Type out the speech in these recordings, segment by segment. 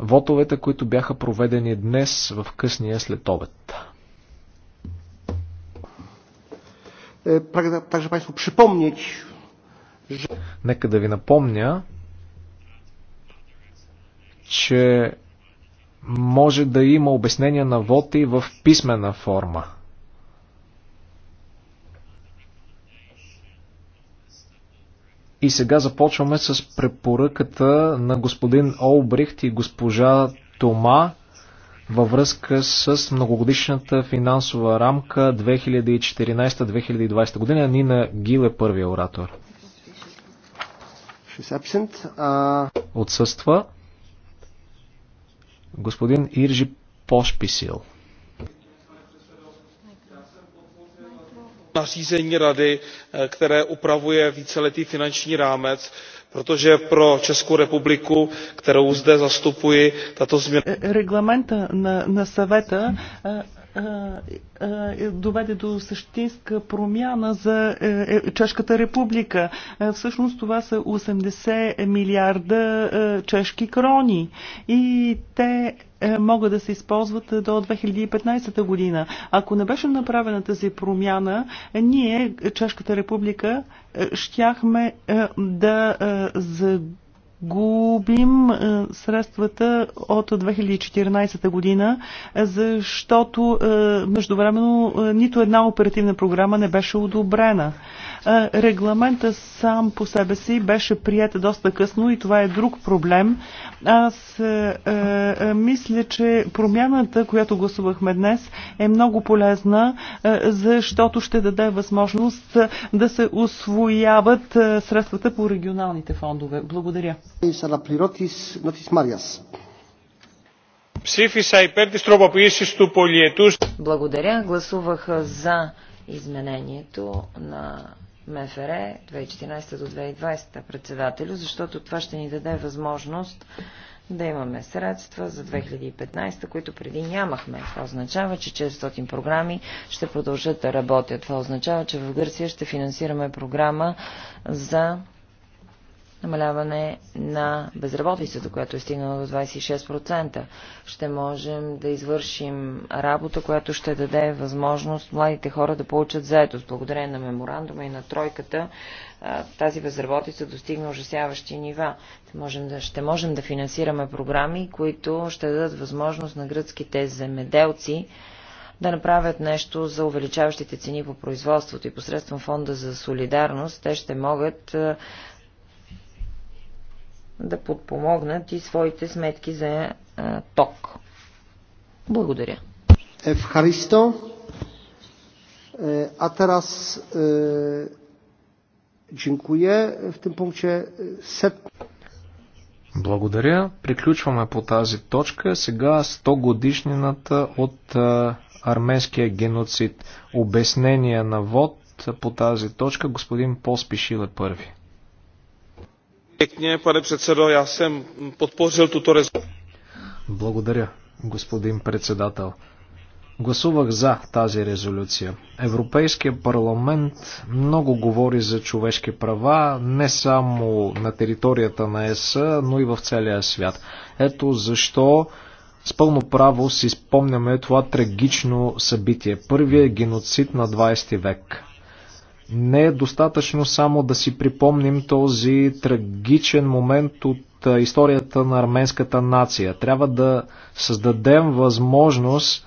вотовете, които бяха проведени днес в късния следобед. Także е, Państwu przypomnieć, Нека да ви напомня, че може да има обяснение на воти в писмена форма. И сега започваме с препоръката на господин Олбрихт и госпожа Тома във връзка с многогодишната финансова рамка 2014-2020 година. Нина Гил е първия оратор. Отсъства господин Иржи Пошписил. nařízení rady které upravuje víceletý finanční rámec protože pro českou republiku kterou zde zastupuji tato změna е, доведе до същинска промяна за е, е, Чешката република. Всъщност това са 80 милиарда чешки крони и те могат да се използват до 2015 година. Ако не беше направена тази промяна, ние, Чешката република, щяхме да загубим губим е, средствата от 2014 година, е, защото е, междувременно нито една оперативна програма не беше одобрена. Е, регламента сам по себе си беше прият доста късно и това е друг проблем. Аз е, е, мисля, че промяната, която гласувахме днес, е много полезна, защото ще даде възможност да се освояват средствата по регионалните фондове. Благодаря. Ψήφισα υπέρ της τροποποίησης του πολιετούς. Благодаря. Гласувах за изменението на МФР 2014 до 2020 председателю, защото това ще ни даде възможност да имаме средства за 2015, които преди нямахме. Това означава, че 400 програми ще продължат да работят. Това означава, че в Гърция ще финансираме програма за намаляване на безработицата, която е стигнала до 26%. Ще можем да извършим работа, която ще даде възможност младите хора да получат заедост. Благодарение на меморандума и на тройката тази безработица достигна ужасяващи нива. Можем да, ще можем да финансираме програми, които ще дадат възможност на гръцките земеделци да направят нещо за увеличаващите цени по производството и посредством фонда за солидарност те ще могат да подпомогнат и своите сметки за а, е, ток. Благодаря. Евхаристо. A teraz в w tym punkcie сет. Благодаря. Приключваме по тази точка. Сега 100 годишнината от е, арменския геноцид. Обяснение на вод по тази точка господин Поспишил е първи. Благодаря, господин председател. Гласувах за тази резолюция. Европейския парламент много говори за човешки права, не само на територията на ЕС, но и в целия свят. Ето защо с пълно право си спомняме това трагично събитие. Първият геноцид на 20 век. Не е достатъчно само да си припомним този трагичен момент от историята на арменската нация. Трябва да създадем възможност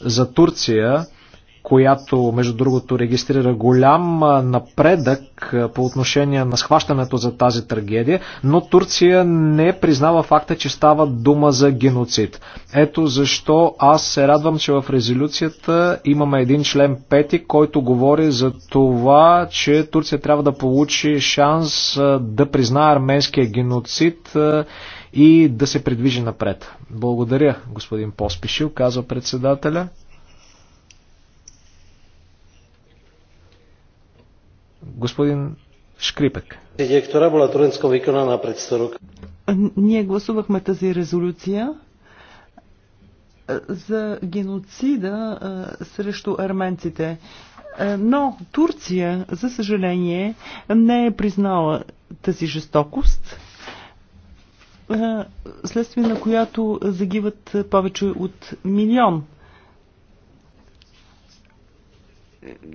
за Турция която, между другото, регистрира голям напредък по отношение на схващането за тази трагедия, но Турция не признава факта, че става дума за геноцид. Ето защо аз се радвам, че в резолюцията имаме един член пети, който говори за това, че Турция трябва да получи шанс да признае арменския геноцид и да се придвижи напред. Благодаря, господин Поспишил, казва председателя. Господин Шкрипек. Директора была Туренска виконана пред Ние гласувахме тази резолюция за геноцида срещу арменците. Но Турция, за съжаление, не е признала тази жестокост, следствие на която загиват повече от милион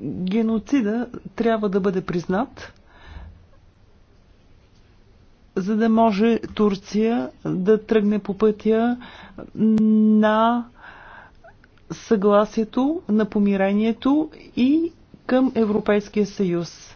геноцида трябва да бъде признат, за да може Турция да тръгне по пътя на съгласието, на помирението и към Европейския съюз.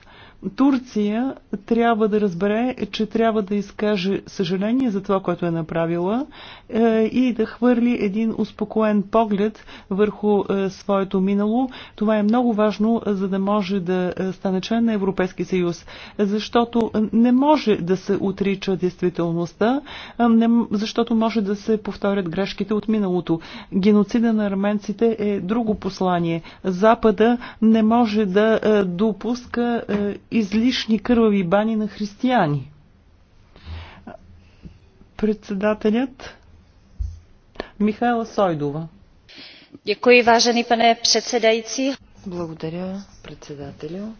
Турция трябва да разбере, че трябва да изкаже съжаление за това, което е направила е, и да хвърли един успокоен поглед върху е, своето минало. Това е много важно, за да може да е, стане член на Европейски съюз, защото не може да се отрича действителността, защото може да се повторят грешките от миналото. Геноцида на арменците е друго послание. Запада не може да допуска излишни кървави бани на християни. Председателят Михайла Сойдова. Děkuji, vážený pane předsedající. Благодаря, председателю.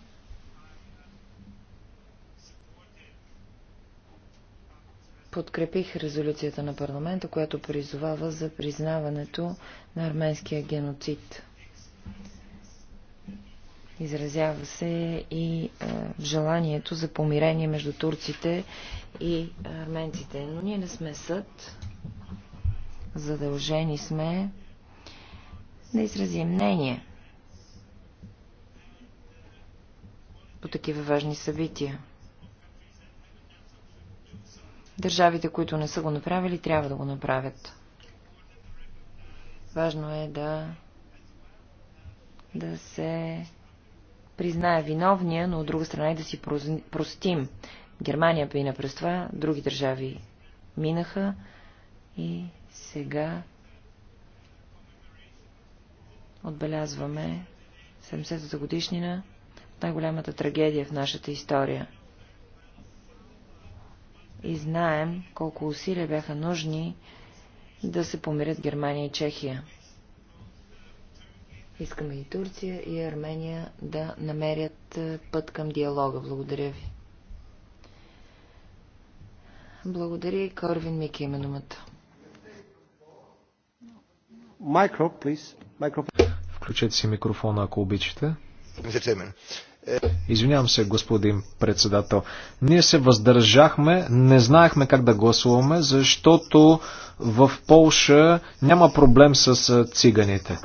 подкрепих резолюцията на парламента, която призовава за признаването на арменския геноцид. Изразява се и а, желанието за помирение между турците и арменците. Но ние не сме съд. Задължени сме да изразим мнение по такива важни събития. Държавите, които не са го направили, трябва да го направят. Важно е да, да се признае виновния, но от друга страна и да си простим. Германия мина през това, други държави минаха и сега отбелязваме 70-та годишнина най-голямата трагедия в нашата история. И знаем колко усилия бяха нужни да се помирят Германия и Чехия. Искаме и Турция, и Армения да намерят път към диалога. Благодаря ви. Благодаря и Корвин Мики има думата. Micro, Micro. Включете си микрофона, ако обичате. Е, Извинявам се, господин председател. Ние се въздържахме, не знаехме как да гласуваме, защото в Полша няма проблем с циганите.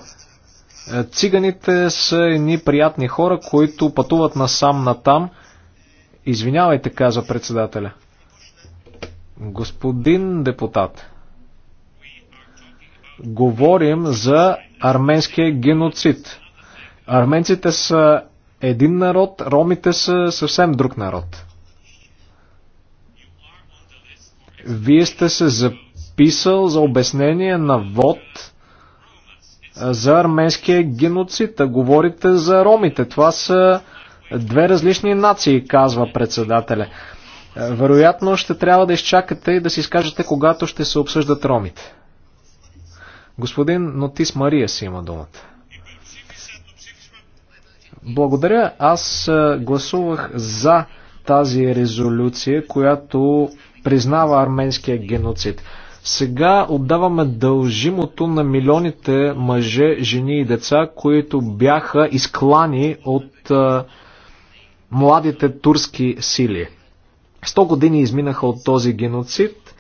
Е, циганите са едни приятни хора, които пътуват насам натам. Извинявайте, каза председателя. Господин депутат, говорим за арменския геноцид. Арменците са един народ, ромите са съвсем друг народ. Вие сте се записал за обяснение на вод за арменския геноцид, а говорите за ромите. Това са две различни нации, казва председателя. Е, вероятно ще трябва да изчакате и да си изкажете, когато ще се обсъждат ромите. Господин Нотис Мария си има думата. Благодаря. Аз е, гласувах за тази резолюция, която признава арменския геноцид. Сега отдаваме дължимото на милионите мъже, жени и деца, които бяха изклани от а, младите турски сили. Сто години изминаха от този геноцид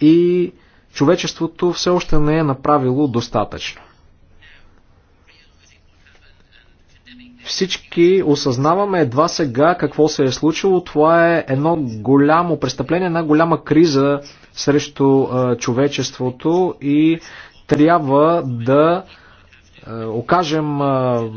и човечеството все още не е направило достатъчно. Всички осъзнаваме едва сега какво се е случило. Това е едно голямо престъпление, една голяма криза срещу а, човечеството и трябва да окажем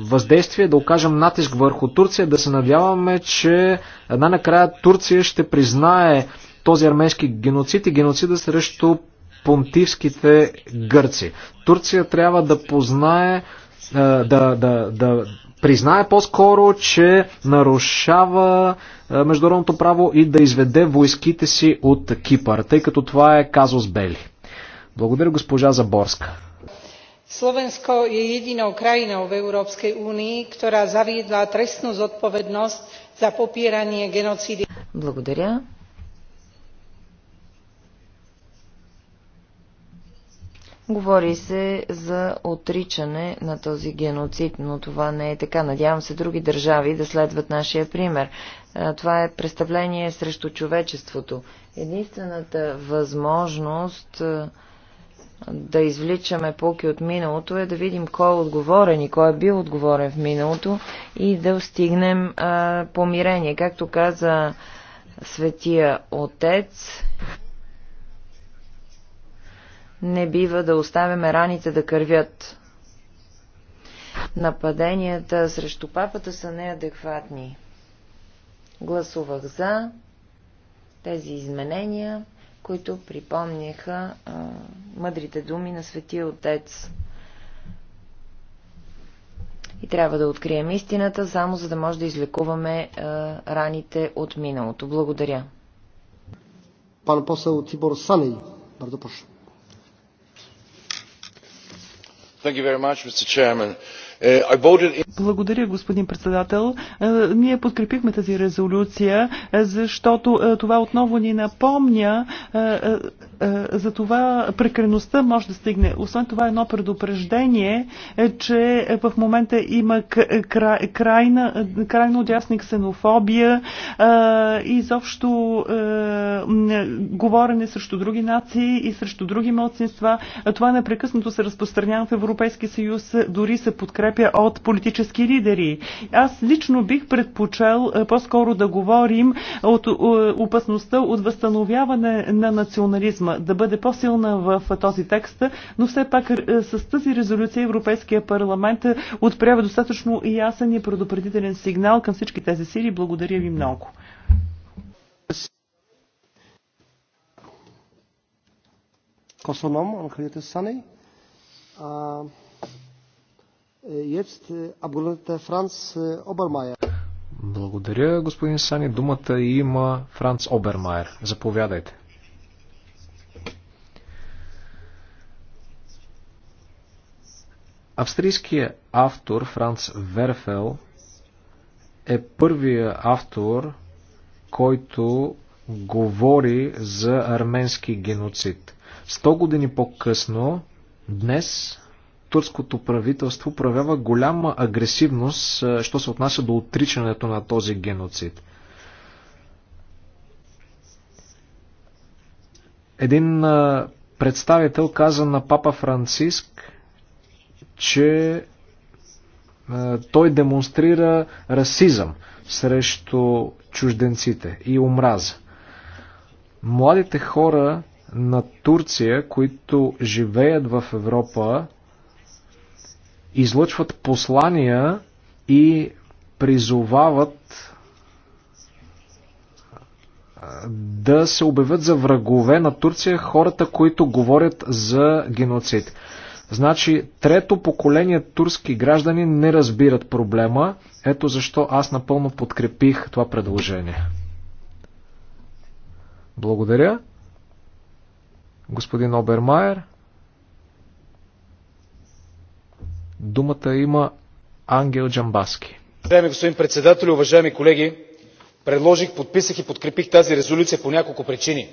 въздействие, да окажем натиск върху Турция, да се надяваме, че една накрая Турция ще признае този арменски геноцид и геноцида срещу понтивските гърци. Турция трябва да познае да, да, да, признае по-скоро, че нарушава е, международното право и да изведе войските си от Кипър, тъй като това е казус Бели. Благодаря госпожа Заборска. Slovensko je jedinou krajinou v Európskej únii, ktorá zaviedla trestnú zodpovednosť за попиране genocídy. Благодаря. Говори се за отричане на този геноцид, но това не е така. Надявам се други държави да следват нашия пример. Това е представление срещу човечеството. Единствената възможност да извличаме поки от миналото е да видим кой е отговорен и кой е бил отговорен в миналото и да стигнем помирение. Както каза Светия Отец, не бива да оставяме раните да кървят. Нападенията срещу папата са неадекватни. Гласувах за тези изменения, които припомняха а, мъдрите думи на Светия Отец. И трябва да открием истината, само за да може да излекуваме а, раните от миналото. Благодаря. Пан посъл Тибор Саней. Бързо прошу mr president Uh, Благодаря, господин председател. Е, ние подкрепихме тази резолюция, е, защото е, това отново ни напомня за това прекреността може да стигне. Освен това едно предупреждение, че в момента има крайна, крайно дясна ксенофобия и изобщо говорене срещу други нации и срещу други младсинства. Това непрекъснато се разпространява в Европейския съюз, дори се подкрепя подкрепя от политически лидери. Аз лично бих предпочел е, по-скоро да говорим от е, опасността от възстановяване на национализма, да бъде по-силна в този текст, но все пак е, с тази резолюция Европейския парламент отправя достатъчно ясен и предупредителен сигнал към всички тези сили. Благодаря ви много. Kosonom on Creative Jetzt е, Abgeordneter е, е, Благодаря, господин Сани. Думата има Франц Обермайер. Заповядайте. Австрийският автор Франц Верфел е първият автор, който говори за арменски геноцид. Сто години по-късно, днес, турското правителство проявява голяма агресивност, е, що се отнася до отричането на този геноцид. Един е, представител каза на папа Франциск, че е, той демонстрира расизъм срещу чужденците и омраза. Младите хора на Турция, които живеят в Европа, излъчват послания и призовават да се обявят за врагове на Турция хората, които говорят за геноцид. Значи, трето поколение турски граждани не разбират проблема. Ето защо аз напълно подкрепих това предложение. Благодаря. Господин Обермайер. Думата има Ангел Джамбаски. Уважаеми господин председател, уважаеми колеги, предложих, подписах и подкрепих тази резолюция по няколко причини.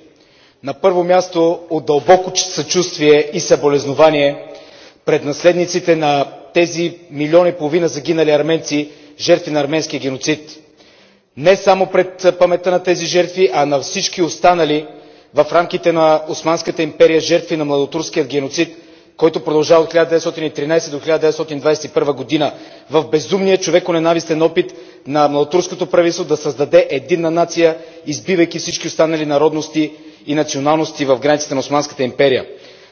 На първо място от дълбоко съчувствие и съболезнование пред наследниците на тези милиони и половина загинали арменци, жертви на арменския геноцид. Не само пред паметта на тези жертви, а на всички останали в рамките на Османската империя жертви на младотурският геноцид, който продължава от 1913 до 1921 година в безумния човеконенавистен опит на младотурското правителство да създаде единна нация, избивайки всички останали народности и националности в границите на Османската империя.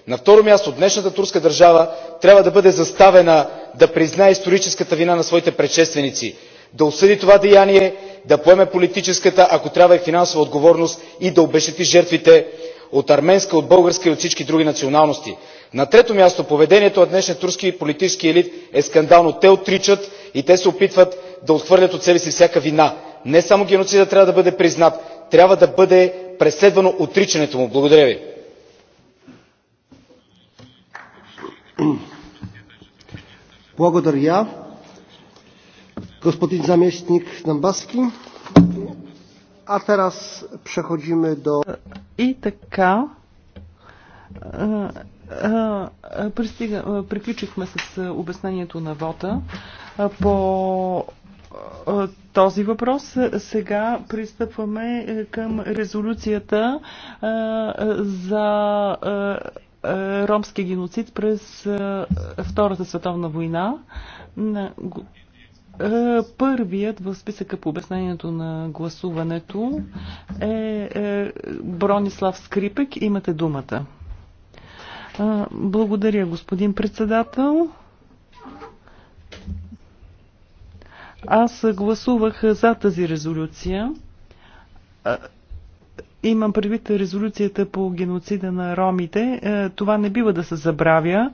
На второ място, днешната турска държава трябва да бъде заставена да признае историческата вина на своите предшественици, да осъди това деяние, да поеме политическата, ако трябва и финансова отговорност и да обезщети жертвите от арменска, от българска и от всички други националности на трето място поведението на днешния турски политически елит е скандално. те отричат и те се опитват да отхвърлят от себе си всяка вина. не само геноцидът трябва да бъде признат трябва да бъде преследвано отричането му. благодаря ви. Благодаря. Господин заместник Намбаски. А teraz przechodzimy до I така Пристига, приключихме с обяснението на вота по този въпрос. Сега пристъпваме към резолюцията за ромски геноцид през Втората световна война. Първият в списъка по обяснението на гласуването е, е Бронислав Скрипек. Имате думата. Благодаря, господин председател. Аз гласувах за тази резолюция. Имам предвид резолюцията по геноцида на ромите. Това не бива да се забравя.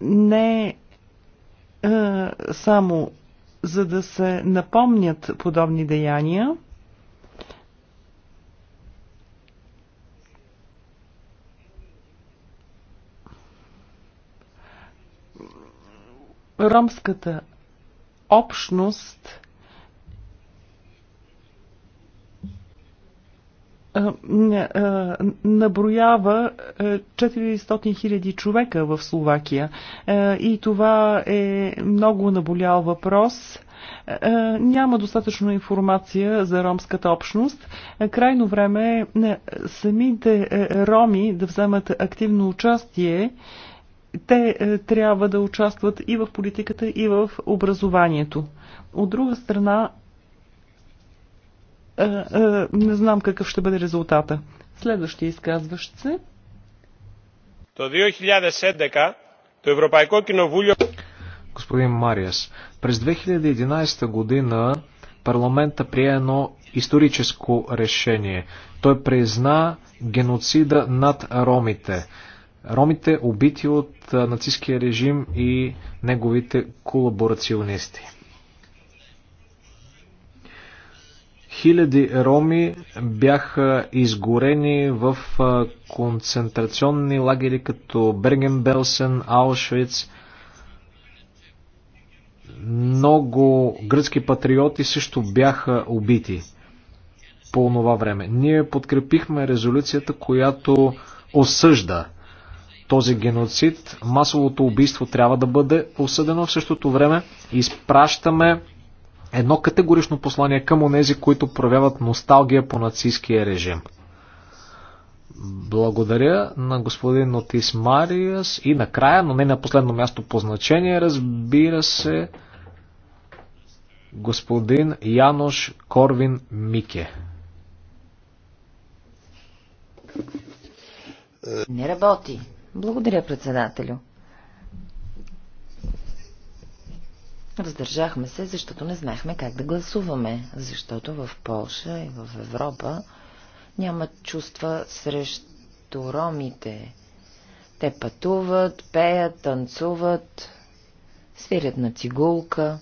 Не само за да се напомнят подобни деяния, ромската общност наброява 400 000 човека в Словакия. И това е много наболял въпрос. Няма достатъчно информация за ромската общност. Крайно време е, самите роми да вземат активно участие те е, трябва да участват и в политиката, и в образованието. От друга страна, е, е, не знам какъв ще бъде резултата. Следващия изказващ се. Το 2011 то Ευρωπαϊκό киновулио... Господин Мариас, през 2011 година парламента прие едно историческо решение. Той призна геноцида над ромите ромите, убити от нацистския режим и неговите колаборационисти. Хиляди роми бяха изгорени в концентрационни лагери като Берген-Белсен, Аушвиц. Много гръцки патриоти също бяха убити по това време. Ние подкрепихме резолюцията, която осъжда този геноцид. Масовото убийство трябва да бъде осъдено. В същото време изпращаме едно категорично послание към онези, които проявяват носталгия по нацистския режим. Благодаря на господин Отис Мариас и накрая, но не на последно място по значение, разбира се, господин Янош Корвин Мике. Не работи. Благодаря, председателю. Въздържахме се, защото не знаехме как да гласуваме, защото в Полша и в Европа няма чувства срещу ромите. Те пътуват, пеят, танцуват, свирят на цигулка.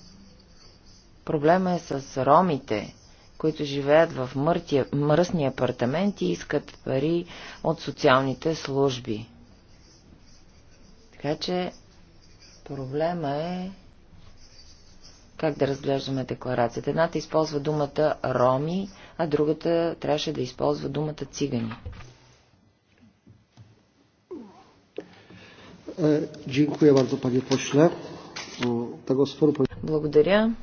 Проблема е с ромите, които живеят в мъртия, мръсни апартаменти и искат пари от социалните служби. Така че проблема е как да разглеждаме декларацията. Едната използва думата роми, а другата трябваше да използва думата цигани. Е, благодаря.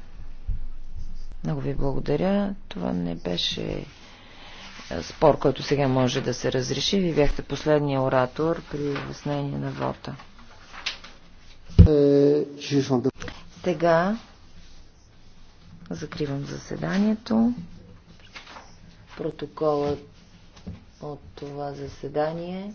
Много ви благодаря. Това не беше е, спор, който сега може да се разреши. Ви бяхте последния оратор при обяснение на вота. Сега закривам заседанието. Протоколът от това заседание